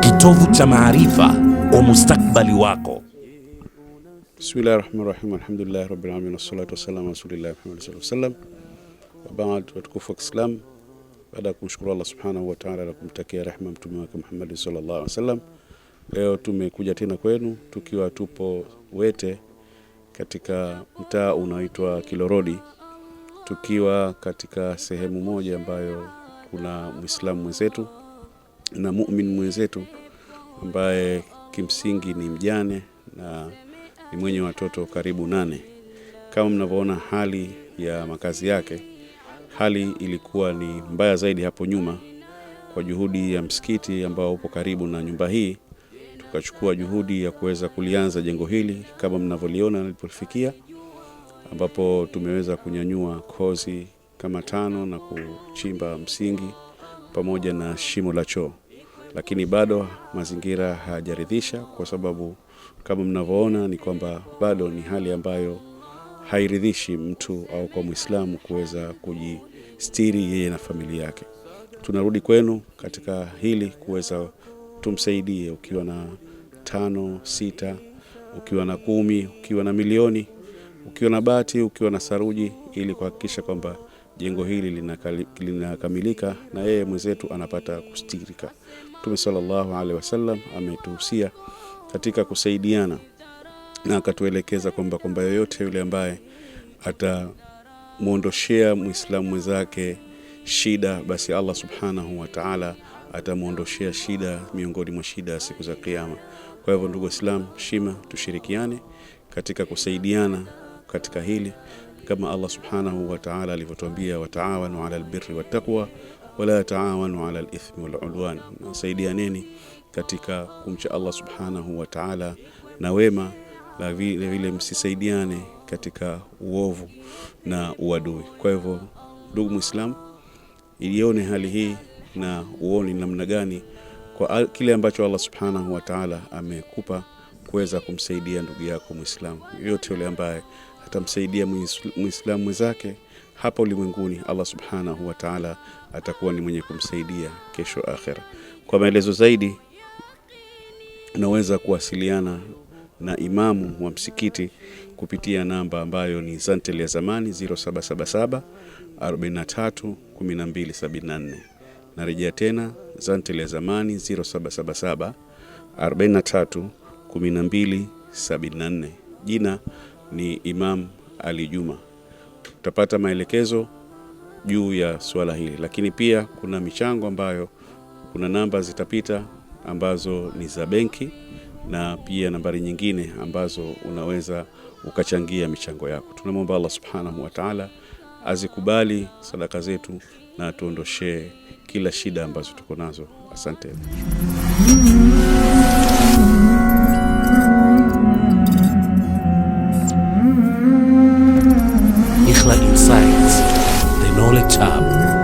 kitovu cha maarifa wa mustakbali wako. Bismillahir Rahmanir Rahim, alhamdulillahi rabbil alamin, wassalatu wassalamu ala rasulillahi Muhammad sallallahu alaihi wasallam. Wabaad, watukufu wa Islam, baada ya kumshukuru Allah subhanahu wataala ta'ala na kumtakia rehema mtume wake Muhammad sallallahu alaihi wasallam Leo tumekuja tena kwenu tukiwa tupo Wete katika mtaa unaoitwa Kilorodi, tukiwa katika sehemu moja ambayo kuna Mwislamu mwenzetu na muumini mwenzetu ambaye kimsingi ni mjane na ni mwenye watoto karibu nane. Kama mnavyoona hali ya makazi yake, hali ilikuwa ni mbaya zaidi hapo nyuma. Kwa juhudi ya msikiti ambao upo karibu na nyumba hii tukachukua juhudi ya kuweza kulianza jengo hili kama mnavyoliona lilipofikia, ambapo tumeweza kunyanyua kozi kama tano na kuchimba msingi pamoja na shimo la choo, lakini bado mazingira hayajaridhisha, kwa sababu kama mnavyoona ni kwamba bado ni hali ambayo hairidhishi mtu au kwa Muislamu kuweza kujistiri yeye na familia yake. Tunarudi kwenu katika hili kuweza tumsaidie, ukiwa na tano, sita, ukiwa na kumi, ukiwa na milioni, ukiwa na bati, ukiwa na saruji, ili kuhakikisha kwamba jengo hili linakamilika na yeye mwenzetu anapata kustirika. Mtume sallallahu alaihi wasallam ametuhusia katika kusaidiana na akatuelekeza kwamba kwamba yoyote yule ambaye atamwondoshea Mwislamu mwenzake shida, basi Allah subhanahu wa ta'ala atamwondoshea shida miongoni mwa shida ya siku za Kiyama. Kwa hivyo, ndugu Waislamu, shima tushirikiane katika kusaidiana katika hili kama Allah subhanahu wa ta'ala alivyotuambia, wataawanu ala lbiri wattaqwa wala taawanu ala alithmi waludwan, nasaidianeni katika kumcha Allah subhanahu wa ta'ala na wema, na vile vile msisaidiane katika uovu na uadui. Kwa hivyo, ndugu Muislamu, ilione hali hii na uoni namna gani kwa kile ambacho Allah subhanahu wa taala amekupa kuweza kumsaidia ndugu yako Mwislamu yote yule ambaye atamsaidia Mwislamu mwenzake hapa ulimwenguni, Allah subhanahu wa taala atakuwa ni mwenye kumsaidia kesho akhera. Kwa maelezo zaidi, unaweza kuwasiliana na imamu wa msikiti kupitia namba ambayo ni Zantel ya zamani 0777 43 1274. Narejea tena Zantel ya zamani 0777 43 12 74. Jina ni Imam Ali Juma. Utapata maelekezo juu ya suala hili, lakini pia kuna michango ambayo kuna namba zitapita ambazo ni za benki na pia nambari nyingine ambazo unaweza ukachangia michango yako. Tunamwomba Allah subhanahu wa taala azikubali sadaka zetu na atuondoshee kila shida ambazo tuko nazo. Asante. Insights, the knowledge hub.